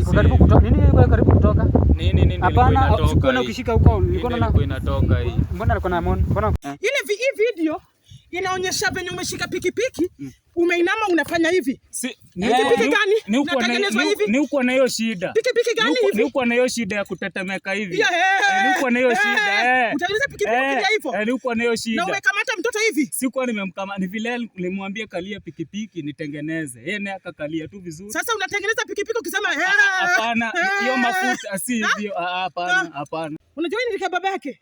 iko karibu kutoka nini, iko karibu kutoka nini nini? Hapana, ukishika huko inatoka hii. Mbona alikuwa na mbona ile video inaonyesha venye umeshika pikipiki mm. Umeinama unafanya hivi. si, Pikipiki gani? Ni uko na hiyo shida. Pikipiki gani hivi? Ni uko na hiyo shida ya kutetemeka hivi. Yeah, hey, eh, Ni uko na hiyo shida. Eh. utaweza pikipiki eh, hivyo? Ni uko na hiyo shida. Na umekamata mtoto hivi? Si kwa nimemkamata. Ni vile nilimwambia kalia pikipiki nitengeneze. Yeye naye akakalia tu vizuri. Sasa unatengeneza pikipiki ukisema ah, Hapana, hiyo mafuta si ah, hivyo. Ah, hapana, hapana. Unajua ni nika baba yake?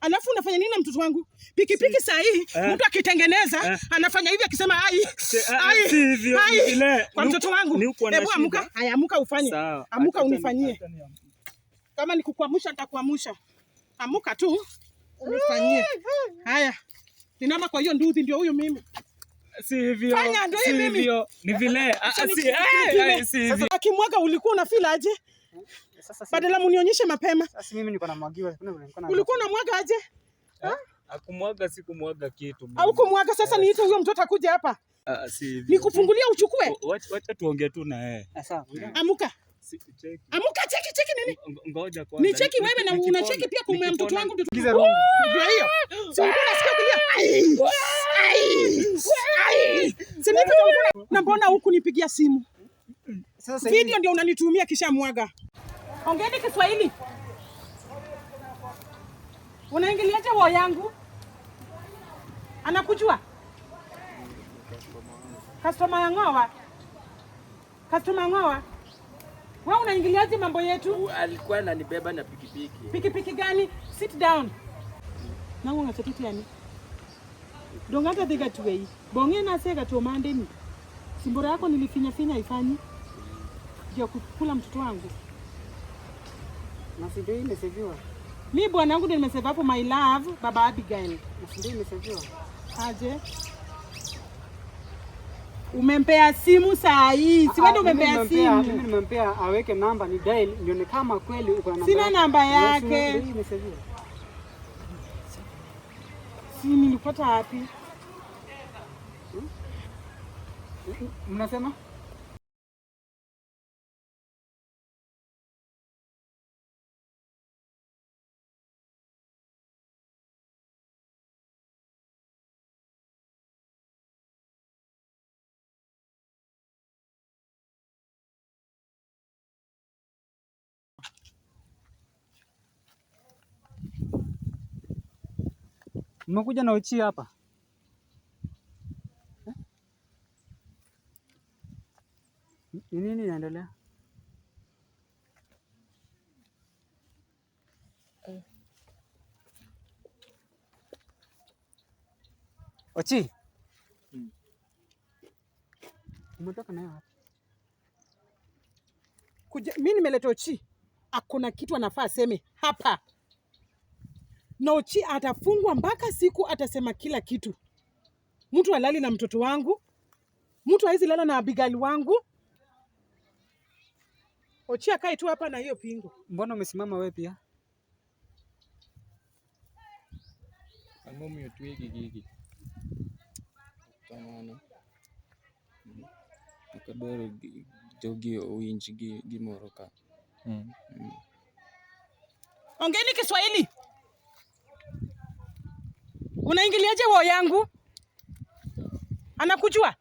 Alafu unafanya nini na mtoto wangu? Pikipiki sahihi mtu akitengeneza anafanya hivi akisema ai. Eh, eh, kwa mtoto wangu. Hebu eh, amuka, haya amuka ufanye. Amuka unifanyie. Kama nikukuamusha nitakuamusha. Amuka tu unifanyie. Haya. Ninama kwa hiyo nduthi ndio huyu mimi. Akimwaga ah, ulikuwa na aje? Badala munionyeshe mapema. Ulikuwa unamwaga aje? Akumwaga kitu. Au kumwaga sasa niite huyo mtoto akuja hapa. Ah, ah, nikufungulia uchukue. Wacha tuongee tu na yeye. Ah, eh. Amuka. Amuka cheki cheki nini? Ngoja kwanza. Ni cheki wewe na unacheki pia kwa mtoto wangu ndio hiyo. Sio unasikia kulia. Ai. Ai. tu Na mbona huku nipigia simu? Sasa video ndio unanitumia kisha mwaga. Ongeeni Kiswahili. Unaingilia Unaingiliaje wao yangu? Anakujua? Kastoma ya ng'owa, kastoma ya ng'owa, wewe unaingiliaje mambo yetu? Alikuwa ananibeba na pikipiki. Pikipiki gani? Sit down. Nangu unachotiti yani. Dongata diga tuwei. Bonge na sega tu mandeni. Simbora yako nilifinya finya ifani. Ya kukula mtoto wangu. Na sijui imeseviwa. Mimi bwanangu ndio nimesave hapo my love baba Abigail. Na sijui imeseviwa. Aje? Umempea simu saa hii, si wewe ah, umempea simu? Mimi nimempea aweke namba ni dial, nione kama kweli uko na namba. Sina namba yake. Si nilipata wapi? Mnasema? Umekuja na uchi hapa Ni nini inaendelea? Ochi hmm. Umetoka nayo hapa kuja, mimi nimeleta Ochi, hakuna kitu anafaa aseme hapa. Nochi atafungwa mpaka siku atasema kila kitu. Mtu alali na mtoto wangu, mtu hawezi lala na abigali wangu. Ochi akae tu hapa na hiyo pingo Mbona umesimama wewe pia? akadwaro jogi owinj gi gimoro ka. Hmm. Hmm. Ongeni Kiswahili. Unaingiliaje wao yangu? Anakujua?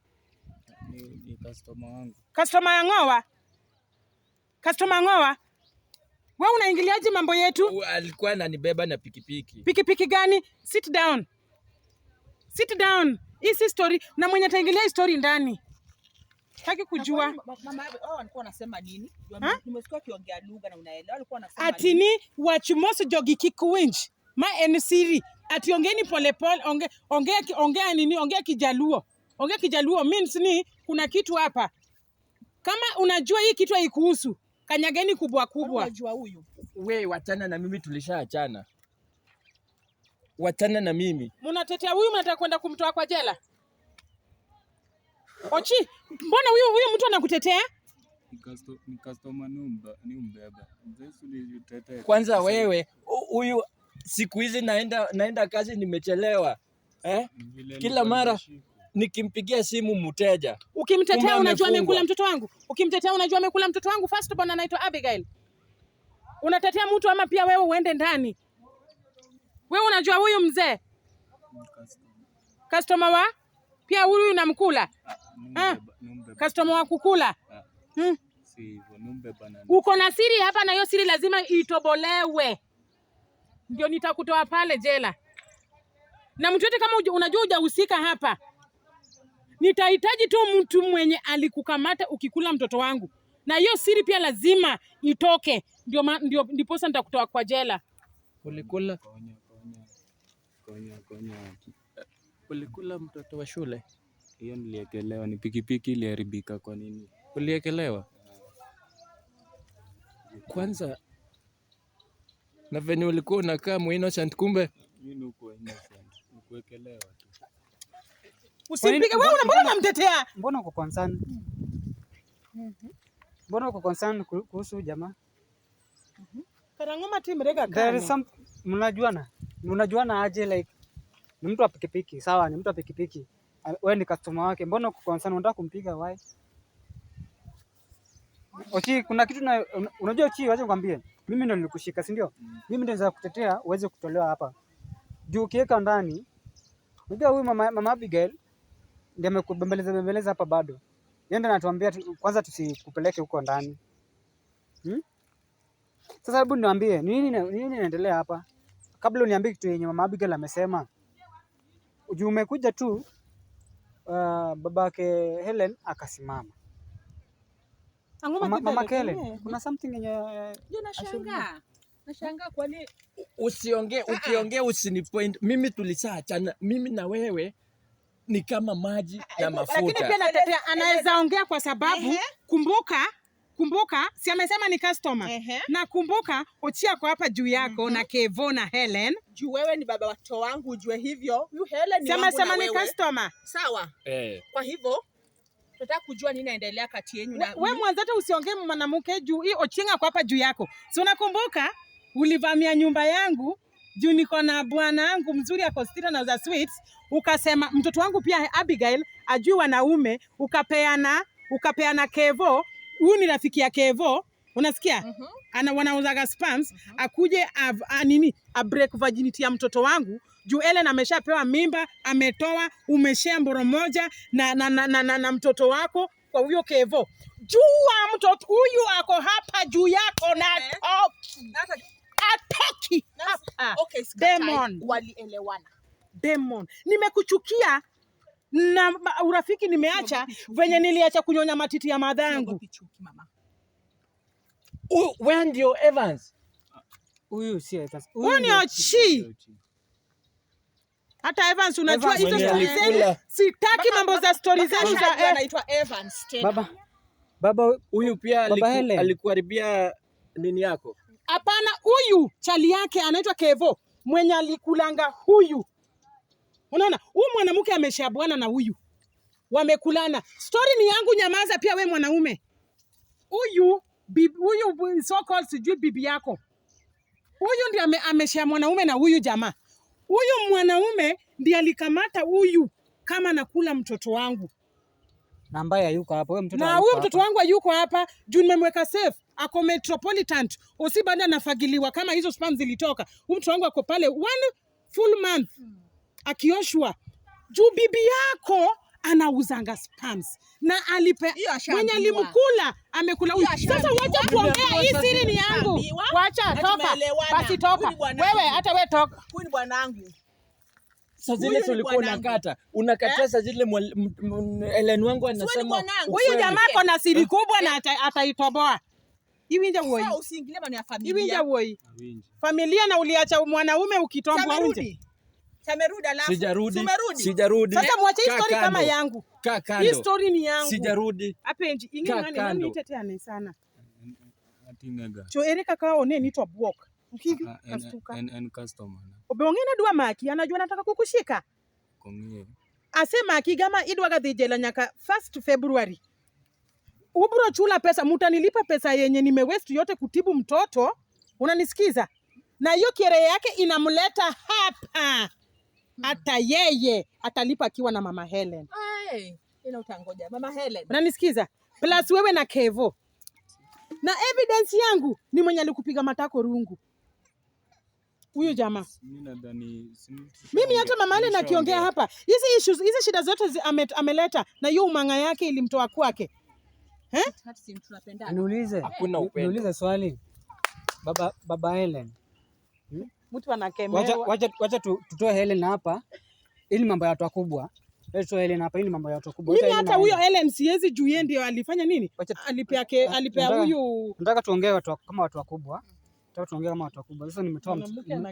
Ni, ni customer wangu. Customer ya ngoa? Customer ngoa? Wewe unaingiliaje mambo yetu? U, alikuwa ananibeba na pikipiki. Pikipiki gani? Sit down. Sit down. Hii si story na mwenye ataingilia story ndani. Sitaki kujua. Mama hao walikuwa oh, wanasema nini? Nimesikia kiongea lugha na unaelewa. Walikuwa wanasema atini wachimoso jogi kikuinji. Ma enisiri ati ongeni polepole, ongea onge, ongea nini, ongea Kijaluo, ongea Kijaluo means ni kuna kitu hapa. Kama unajua hii kitu haikuhusu, kanyageni kubwa kubwa. Unajua huyu wewe, watana na mimi, tulishaachana. Wachana na mimi. Mnatetea huyu, mnataka kwenda kumtoa kwa jela. Ochi, mbona huyu huyu mtu anakutetea? Kwanza wewe huyu siku hizi naenda, naenda kazi nimechelewa eh? Kila mara nikimpigia simu mteja, ukimtetea unajua amekula mtoto wangu, ukimtetea unajua amekula mtoto wangu. First all anaitwa Abigail, unatetea mtu ama pia wewe uende ndani? Wewe unajua huyu mzee customer wa pia huyu namkula ah, eh? customer wa kukula ah, hmm. Uko na siri hapa, na hiyo siri lazima itobolewe ndio nitakutoa pale jela. Na mtu yote kama unajua hujahusika hapa, nitahitaji tu mtu mwenye alikukamata ukikula mtoto wangu, na hiyo siri pia lazima itoke, ndio ndio ndiposa nitakutoa kwa jela. Ulikula konya, konya, konya, ulikula mtoto wa shule? Hiyo niliekelewa, ni pikipiki iliharibika. Kwa nini uliekelewa? Kwanza na venye ulikuwa unakaa muinoshanti kumbe usimpige wewe, mbona unamtetea? Mbona uko Mbona uko kuhusu jamaa? Karangoma There is some mnajuana. Mnajuana aje like ni mtu wa pikipiki, sawa, ni mtu wa pikipiki. Wewe ni customer wake. Mbona uko unataka kumpiga why? Ochi, kuna kitu na unajua Ochi, wacha nikwambie mimi ndo nilikushika, si ndio? Mm. Mimi ndo kutetea uweze kutolewa hapa juu, ukiweka ndani. Unajua huyu mama, mama Abigail ndiye amekubembeleza bembeleza hapa bado, yeye ndo anatuambia kwanza tusikupeleke huko ndani hmm? Sasa hebu niambie nini nini inaendelea hapa, kabla uniambie kitu yenye mama Abigail amesema. Juu umekuja tu uh, babake Helen akasimama Mama, mama Kele, kuna something yenye eh, nashangaa. Nashangaa kwani usiongee, ukiongea usinipoint. Mimi tulishaachana. Mimi na wewe ni kama maji ah, na eh, mafuta. Lakini pia natetea anaweza ongea kwa sababu kumbuka kumbuka si amesema ni customer. Ehe. Na kumbuka Ochia kwa hapa juu yako mm -hmm. na mhm. Kevo na Helen juu wewe ni baba watoto wangu, ujue hivyo. Helen ni wangu Sema sema ni customer. Sawa. Eh. Kwa hivyo Nataka kujua nini inaendelea kati yenu na wewe mwanzo. usiongee mwanamke juu hii ochinga kwa hapa juu yako. Si unakumbuka ulivamia nyumba yangu juu niko na bwana wangu mzuri ako stira na za sweets, ukasema mtoto wangu pia Abigail ajui wanaume, ukapeana ukapeana Kevo. Huyu ni rafiki ya Kevo, unasikia? mm -hmm. Ana wanauzaga spams, mhm. akuje nini a break virginity ya mtoto wangu juu Ellen ameshapewa mimba, ametoa, umeshea mboro moja na, na, na, na, na, na mtoto wako kwa huyo Kevo. Jua mtoto huyu ako hapa juu yako na eh? atoki, atoki hapa. Okay, Demon. Walielewana. Demon. Nimekuchukia na urafiki nimeacha venye niliacha kunyonya matiti ya madhangu. Uh, huyu ndio Evans. Huyu si Evans. Huyu ni Ochi hata Evans unajua hizo stori zenu, sitaki mambo za stori zenu za anaitwa Evans tena. Baba baba huyu pia alikuharibia nini yako? Hapana, huyu chali yake anaitwa Kevo mwenye alikulanga huyu. Unaona, huyu mwanamke ameshabwana na huyu wamekulana. Stori ni yangu, nyamaza. Pia we mwanaume huyu huyu so called sijui bibi yako huyu ndio ameshia mwanaume na huyu jamaa huyu mwanaume ndiye alikamata huyu kama nakula mtoto wangu na ambaye hayuko hapa. Wewe mtoto na huyo mtoto wangu hayuko hapa juu nimemweka safe, ako Metropolitan osi bado anafagiliwa kama hizo spam zilitoka. Huyo mtoto wangu ako pale one full month akioshwa juu bibi yako anauzanga spams na alipe mwenye alimkula amekula huyu. Sasa wacha kuongea, hii siri ni yangu. Wacha toka basi, toka wewe, hata wewe toka. Huyu ni bwanangu saa zile tulikuwa unakata unakataa, eh? saa zile Ellen wangu anasema huyu jamaa ako na siri eh? kubwa na ataitoboa. Iwinja uoi, iwinja uoi familia, na uliacha mwanaume ukitombwa nje. Sijarudi, sijarudi. Sasa mwache story kama yangu, hii story ni yangu, sijarudi. Apenji ingine nani nani itetea sana cho Erika kao ne nitwa block ubeong'e ne dwa maki anajua nataka kukushika asema akigama idwagathi jela nyaka 1st February ubro chula pesa, mutanilipa pesa yenye nimewest yote kutibu mtoto, unanisikiza? Na hiyo kiere yake inamleta hapa, hata yeye atalipa akiwa na mama Helen. Hey, ina utangoja mama Helen, unanisikiza? Plus wewe na Kevo na evidence yangu ni mwenye alikupiga matako rungu huyu jamaa. Mimi hata mama ile nakiongea hapa, hizi issues hizi shida zote zi ame, ameleta na hiyo umanga yake ilimtoa kwake. Niulize swali baba, baba Helen hmm? Mtu anakemea. Wacha, wacha, wacha tutoe Helen hapa ili mambo ya watu wakubwa mambo ya watu mimi hata huyo Helen siwezi juu yeye ndio alifanya nini, alipea alipea huyu. Nataka tuongee watu kama watu wakubwa tatu, tuongee kama watu wakubwa. Sasa nimetoa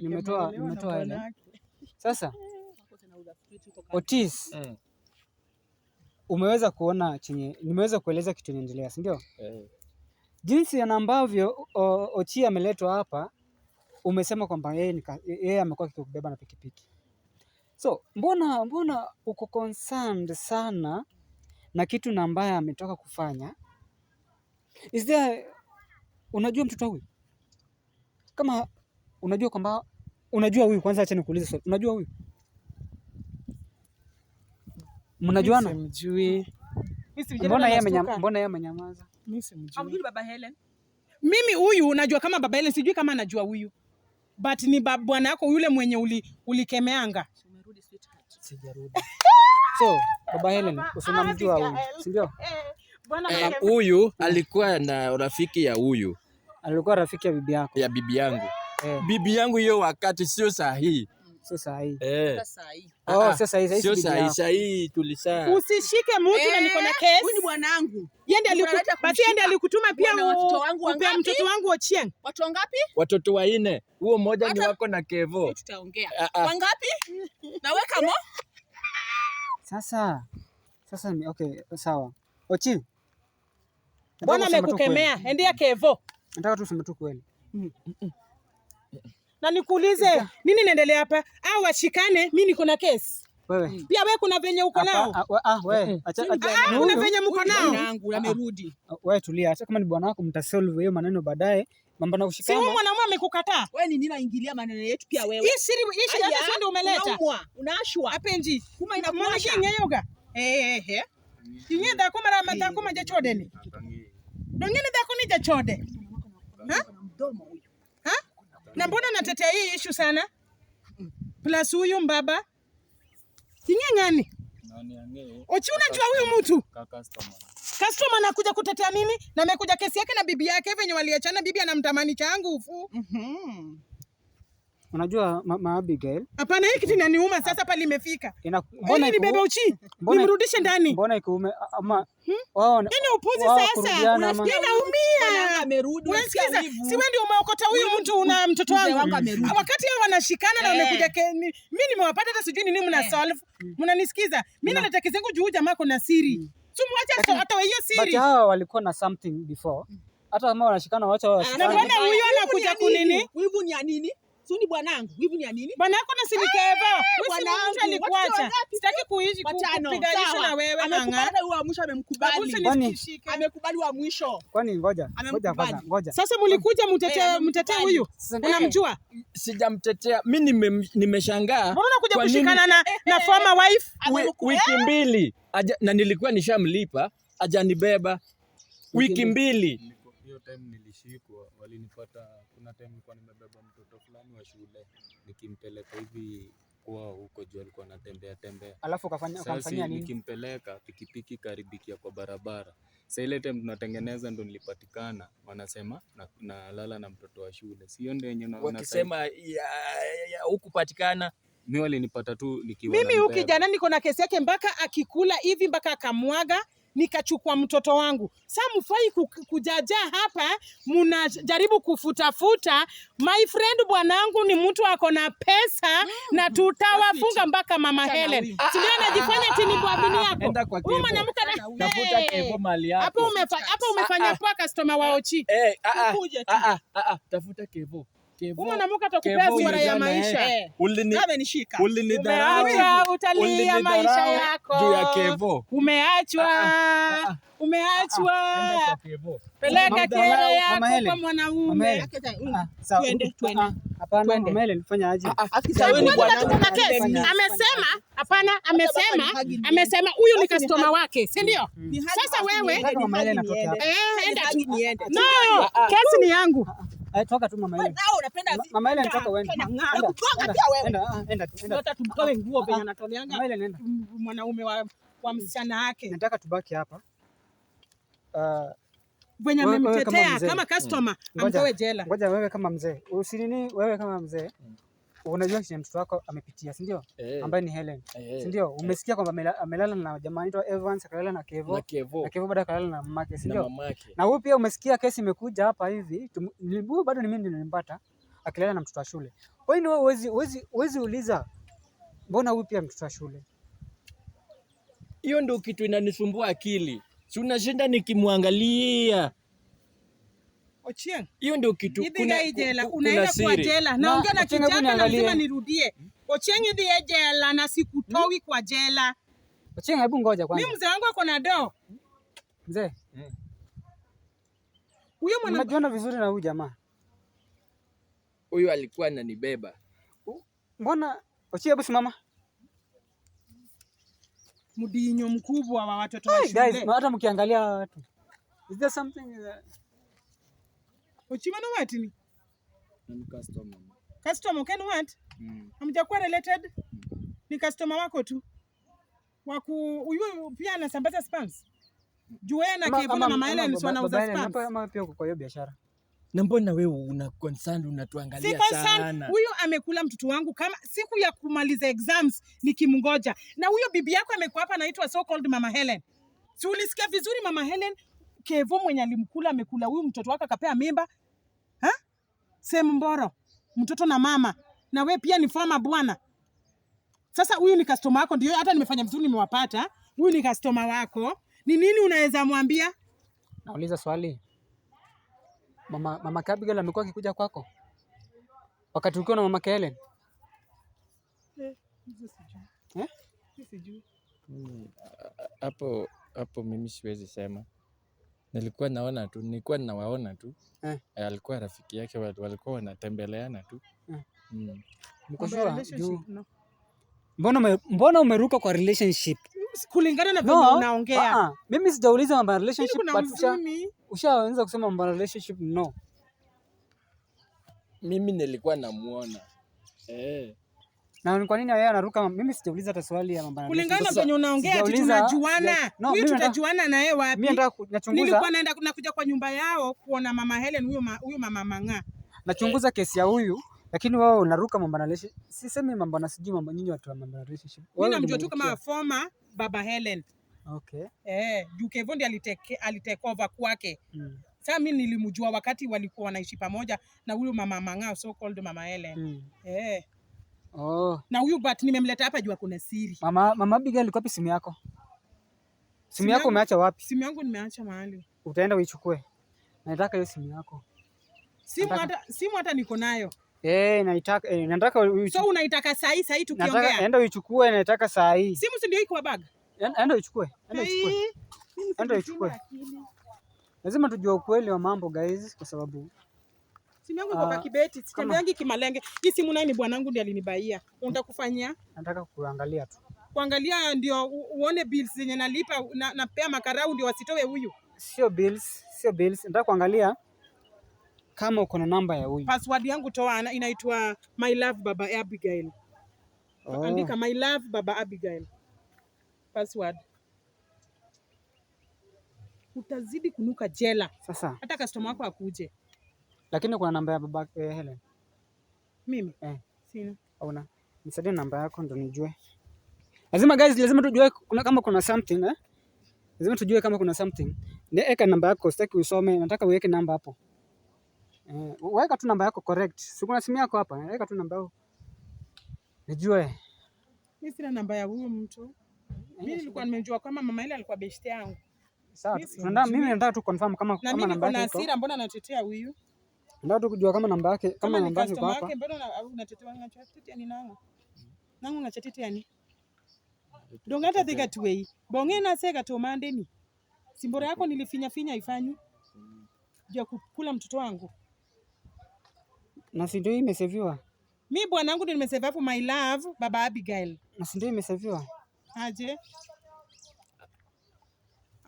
nimetoa nimetoa ile. Sasa Otis, eh. Umeweza kuona chenye nimeweza kueleza kitu inaendelea, si ndio? Eh. Jinsi ambavyo Ochi ameletwa hapa, umesema kwamba yeye amekuwa kikubeba na pikipiki. So mbona mbona uko concerned sana na kitu na ambaye ametoka kufanya? Is there, unajua mtoto huyu kama unajua kwamba unajua huyu kwanza, acha nikuulize swali. Unajua huyu? Mnajuana? Mjui. Mbona yeye amenyamaza? Mimi simjui. Amjui baba Helen? Mimi huyu unajua kama baba Helen, sijui kama anajua huyu. But ni bwana yako yule mwenye uli, ulikemeanga. Sijarudi. So, baba Helen, usimamjua ah, huyu. Si ndio? Eh, ah, huyu alikuwa na rafiki ya huyu alikuwa rafiki ya bibi yako? Ya bibi yangu eh. Bibi yangu hiyo wakati sio sahihi Sio sahihi. Eh. Ah, oh, ah. sio sahihi. Sio sahihi. Sahihi tulisa. Usishike mtu na niko na kesi. Eh, huyu ni bwanangu. Yeye ndiye alikutuma, basi yeye ndiye alikutuma pia watoto wangu wangapi? Mtoto wangu Ochieng. Watoto wangapi? Watoto wanne. Huo mmoja ni wako na Kevo. Tutaongea. Ah, wangapi? Na Naweka mo. Sasa. Sasa okay, sawa. Ochi. Bwana amekukemea, endea Kevo. Nataka tu useme tu kweli. Mm, mm, mm. Na nikuulize nini naendelea hapa, au washikane? Mimi niko na kesi wewe. Pia wewe kuna venye uko nao. Ah, ah, ah wewe, ah, acha kuna venye mko nao. Mwanangu amerudi. Wewe tulia, acha kama ni bwana wako mtasolve hiyo maneno baadaye. Mambo na kushikana. Sio mwanaume amekukataa. Wewe ni nini naingilia maneno yetu pia wewe? Hii siri hii siri hata ndio umeleta. Unaashwa. Hapa nje. Kuma inakuasha. Eh eh eh. eh. Kinyenda kwa mara mata jachode ni. Ndio nini dakoni jachode ha? Ha? Na mbona natetea hii ishu sana plus huyu mbaba ng'ani Ochuna jua huyu mtu customer anakuja kutetea mimi na amekuja kesi yake na bibi yake venye waliachana, bibi anamtamani changu ufu. mm -hmm. Unajua mama Abigail. Hapana, hii kitu inaniuma sasa hapa limefika. Mbona ni bebe uchi? Nimrudishe ndani. Mbona ikuume ama hmm? wao? ni Yaani upuzi sasa. Ninaumia. Amerudi unasikia Si wewe ndio umeokota huyu mtu una mtoto wangu. Wakati wao wanashikana na eh. wamekuja mimi nimewapata hata sijui nini mna eh. solve. Hmm. Mnanisikiza? Mimi na nataka zangu juu jamaa kuna siri. Hmm. Si mwache hata hiyo siri. But hao walikuwa na something before. Hata kama wanashikana wacha ah, wao. Na mbona huyu anakuja kunini? Wivu ni ya nini? Suni bwanangu, hivi ni nini? Bwana yako na sinikeva. Eh, bwanangu alikuacha. Sitaki kuishi kupiganisha na wewe nganga. Amekubali huo mwisho amemkubali. Amekubali wa mwisho. Kwani ngoja. Ngoja kwanza, ngoja. Sasa mlikuja mtetee eh, mtetee huyu. Unamjua? Sijamtetea. Mimi nimeshangaa. Mbona unakuja kushikana na eh, na former wife wiki mbili? Na nilikuwa nishamlipa, ajanibeba wiki mbili hiyo time nilishikwa, walinipata. Kuna time nilikuwa nimebeba mtoto fulani wa shule nikimpeleka hivi kwa huko juu, alikuwa anatembea tembea, alafu kafanya ukamfanyia nini? Nikimpeleka pikipiki karibikia kwa barabara, sasa ile time tunatengeneza, ndo nilipatikana, wanasema nalala na, na mtoto wa shule, sio ndio yenye wakisema hukupatikana mi walinipata tu nikiwa mimi. huki kijana niko na kesi yake, mpaka akikula hivi mpaka akamwaga nikachukua mtoto wangu. Sasa mfai kujajaa hapa, mnajaribu kufutafuta. My friend, bwanangu ni mtu ako na pesa mm. na tutawafunga mpaka mama Helen, sindio? Anajifanya tini ah, ah, bwabini ah, yako huyu mwanamke hapo, umefanya poa customer waochi. Eh, Tafuta Mwanamke atakupea sura ya eh. maisha. Amenishika. Umeacha utalia maisha yako. Umeachwa. Ah, ah, ah, Umeachwa. Peleka kero yako kwa mwanaume. Amesema hapana, amesema amesema huyu ni customer wake, si ndio? Mm. Sasa wewe, eh, No, kesi ni yangu. Ai, eh, toka tu mama ile. Unapenda vipi? Mama ile anataka uende. Nakugonga pia wewe. Enda, ah, enda tu. Nataka tumtoe nguo penye ah, ah, anatoleanga. Mama ile nenda. Mwanaume wa wa msichana wake. Nataka tubaki hapa. Ah, venye amemtetea kama mm. customer, amtoe jela. Ngoja wewe kama mzee. Usinini wewe kama mzee. Mm unajua chenye mtoto wako amepitia, si ndio? Hey. Eh. ambaye ni Helen, hey. Eh. si ndio? umesikia kwamba amelala na jamaa anaitwa Evans akalala na Kevo na Kevo, na Kevo bado akalala na mamake, si ndio? na wewe pia umesikia kesi imekuja hapa hivi, huyu bado ni mimi nilimpata akilala na mtoto wa shule. Kwa hiyo wewe uwezi uwezi uliza mbona huyu pia mtoto wa shule? Hiyo ndio kitu inanisumbua akili, si unashinda nikimwangalia Ochieng. Hiyo ndio kitu kuna jela, unaenda kwa jela. Naongea na kijana na lazima nirudie. Ochieng hivi ya jela na sikutowi kwa jela. Ochieng, hebu ngoja kwanza. Mimi mzee wangu ako na doo. Mzee. Hmm. Huyo mwana unajiona vizuri na huyu jamaa. Huyu alikuwa ananibeba. Mbona Ochieng, hebu simama. Mudinyo mkubwa wa watoto wa shule. Guys, hata mkiangalia watu. Is there something that... Uh, Ochima no what ni? Ni customer. Customer can what? Mm. Hamjakuwa related? Mm. Ni customer wako tu. Waku huyu pia anasambaza spams. Juwe Juena kivuna mama yule ni sio anauza spams. Mama pia kwa hiyo biashara. Na mbona wewe una concern unatuangalia sana? Huyu amekula mtoto wangu kama siku ya kumaliza exams nikimngoja. Na huyo bibi yako amekuwa hapa anaitwa so called Mama Helen. Si ulisikia vizuri Mama Helen? Kevo mwenye alimkula amekula huyu mtoto wake akapea mimba sehemu mboro, mtoto na mama, na we pia ni former bwana. Sasa huyu ni customer wako, ndio hata nimefanya vizuri, nimewapata. Huyu ni customer wako, ni nini unaweza mwambia? Nauliza swali, mama, mama Abigail amekuwa akikuja kwako wakati ukiwa na mama Kele? Eh, eh? Hmm, hapo hapo, mimi siwezi sema. Nilikuwa naona tu, nilikuwa ninawaona tu eh. eh. Alikuwa rafiki yake, walikuwa wanatembeleana tu eh. Mm. Mkoshua, no. ume, mbona umeruka kwa relationship kulingana na unaongea ah, ah. Mimi sijauliza mambo ya relationship ushaanza kusema mambo ya relationship no. Mimi nilikuwa namuona eh. Na kwa nini yeye anaruka? Mimi sijauliza hata swali ya mambo. Kulingana kwenye unaongea ati tunajuana. No, mimi tutajuana na yeye wapi? Mimi nachunguza, nilikuwa naenda nakuja kwa nyumba yao kuona mama Helen huyo huyo mama Mang'a. Nachunguza eh, kesi ya huyu lakini wao unaruka mambo na relationship. Sisemi mambo na sijui mambo nyinyi watu wa mambo na relationship. Mimi namjua tu kama former baba Helen. Okay. Eh, Duke Kevin ndiye aliteke alitake over kwake. Mm. Sasa mimi nilimjua wakati walikuwa wanaishi pamoja na huyo mama Mang'a so called mama Helen. Mm. Eh. Oh. Na huyu bat nimemleta hapa jua kuna siri. Mama, mama Abigail alikuwa wapi simu yako? Simu yako umeacha wapi? Simu yangu nimeacha mahali. Utaenda uichukue. Nataka hiyo simu yako. Simu hata simu hata niko nayo. Eh, hey, naitaka eh, nataka uichukue. So unaitaka saa hii saa hii tukiongea. Nataka enda uichukue, nataka saa hii. Simu si ndio iko kwa bag? Enda uichukue. Enda uichukue. Enda uichukue. Lazima tujue ukweli wa mambo guys kwa sababu Simu yangu iko kwa ah, kibeti, sitembeangi kimalenge. Hii simu nani bwanangu ndiye alinibaia. Unataka kufanyia? Nataka kuangalia tu. Kuangalia ndio uone bills zenye nalipa na napea makarau ndio wasitoe huyu. Sio bills, sio bills. Nataka kuangalia kama uko na namba ya huyu. Password yangu toa, inaitwa my love baba Abigail. Oh. Andika my love baba Abigail. Password. Utazidi kunuka jela. Sasa. Hata customer wako akuje. Lakini kuna namba ya baba eh, Helen. Mimi? Eh. Sina. Hauna. Nisaidie namba yako ndo nijue. Lazima guys, lazima tujue kuna kama kuna something eh? Lazima tujue kama kuna something. Ndio eka namba yako, sitaki usome, nataka uweke namba hapo. Eh, weka tu namba yako correct. Si kuna simu yako hapa, weka tu namba yako. Nijue. Mimi sina namba ya huyo mtu. Mimi eh, nilikuwa nimejua kama mama ile alikuwa best yangu. Sasa Mimi nataka tu confirm kama kama namba yako. Na mimi niko na hasira, mbona anatetea huyu? Ndio kujua kama namba yake kama namba yake kwa hapa. Bado unatetea unatetea tuwei. Bonge na sega to mandeni. Simbora yako nilifinya finya ifanyi. Ya kukula mtoto wangu. Na si ndio imeseviwa? Mimi bwanangu ndio nimesave hapo my love baba Abigail. Na si ndio imeseviwa? Aje.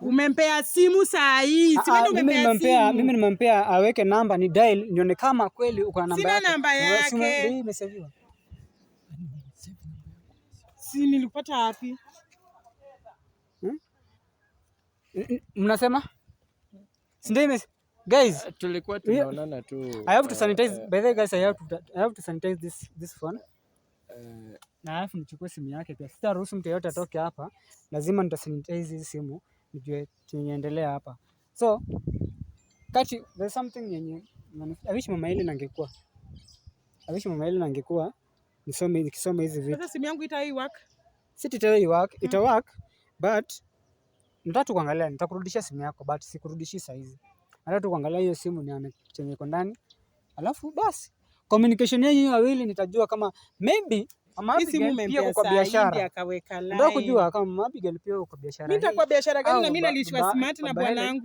Umempea simu saa hii. Si wewe umempea simu? Mimi nimempea aweke namba ni dial nione kama kweli uko na namba yake. Sina namba yake. Si nilipata wapi? Hmm? Mnasema? Si ndio Guys, ah, tulikuwa tunaonana tu. I have to sanitize. Eh. By the way guys, I have to I have to sanitize this this phone. Eh. Na alafu nichukue simu yake pia. Sitaruhusu mtu yeyote atoke hapa. Lazima nitasanitize hii simu nijue chenyendelea hapa. So kati, there's something yenye I wish mama ile nangekuwa, I wish mama ile nangekuwa nisome nikisoma hizi vitu. Sasa simu yangu ita hii work, si itai work, ita hmm. work but nataka tu kuangalia, nitakurudishia simu yako but sikurudishi saa hizi. Nataka tu kuangalia hiyo simu nione chenye iko ndani, alafu basi communication yenu wawili nitajua kama maybe kwa biashara ndio kujua kama pia kwa biashara. Mimi biashara gani na mimi smart na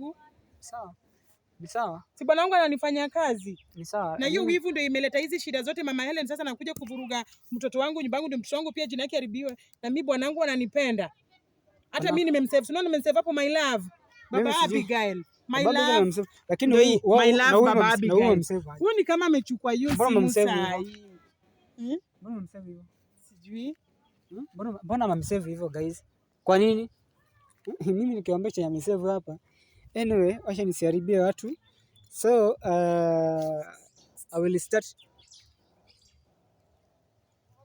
Sawa. Ni sawa. Si ananifanya kazi. Ni sawa. Na hiyo wivu ndio imeleta hizi shida zote mama Helen sasa nakuja kuvuruga mtoto wangu nyumbangu ndio mtoto wangu pia jina yake haribiwe na mimi wangu ananipenda. Hata mimi nimemsave. Unaona nimemsave hapo my love. Baba Abigail. My love. Lakini my love baba Abigail. Huyo ni kama amechukua hiyo simu sasa sijui hmm? Mbona, mbona amamsave hivyo guys? Kwa nini? Hmm? Mimi nikiwaambia cha amesave hapa. Anyway, acha nisiharibie watu. So, uh, I will start.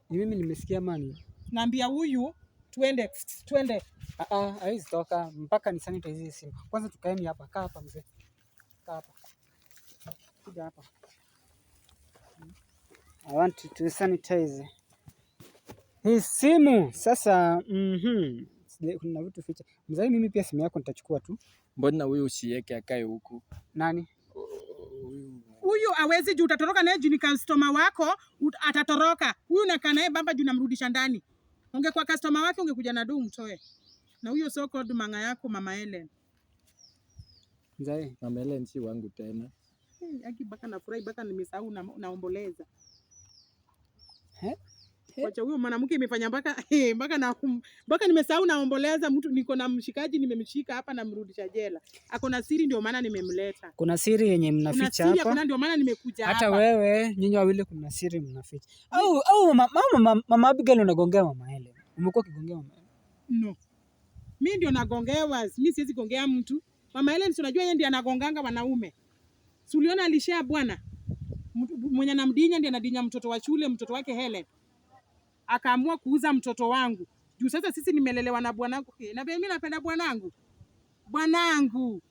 Ni mimi nimesikia mani. Naambia huyu twende twende. Ah ah, haizi toka mpaka ni sanitize hizi simu. Kwanza tukaeni hapa, kaa hapa mzee. Kaa hapa. Kuja hapa. Hmm? I want to sanitize simu sasa, mhm, kuna vitu ficha. Mzee, mimi pia simu yako nitachukua tu. Mbona huyu usiweke akae huku? Nani huyu? Awezi juu utatoroka naye juu ni customer wako, atatoroka huyu. Nakaa naye bamba juu namrudisha ndani. Ungekuwa customer wake ungekuja na dumu mtoe. Na huyo so called manga yako mama Helen. Mzee, mama Helen si wangu tena. Aki baka nafurahi baka nimesahau na naomboleza. Eh? Eh? Wacha huyo mwanamke imefanya mpaka eh, mpaka na mpaka nimesahau naomboleza mtu niko na mshikaji nimemshika hapa na mrudisha jela. Ako na siri ndio maana nimemleta. Kuna siri yenye mnaficha hapa. Kuna ndio maana nimekuja hapa. Hata wewe nyinyi wawili kuna siri mnaficha. Au au mama mama mama Abigail unagongea mama ile. Umekuwa ukigongea mama Ellen? No. Mimi ndio nagongewa, mimi siwezi gongea mtu. Mama Ellen si unajua yeye ndiye anagonganga wanaume. Si uliona alishare bwana? Mwenye namdinya ndiye anadinya mtoto wa shule, mtoto wake Helen akaamua kuuza mtoto wangu juu sasa sisi nimelelewa na bwanangu. Okay, na mimi napenda bwanangu, bwanangu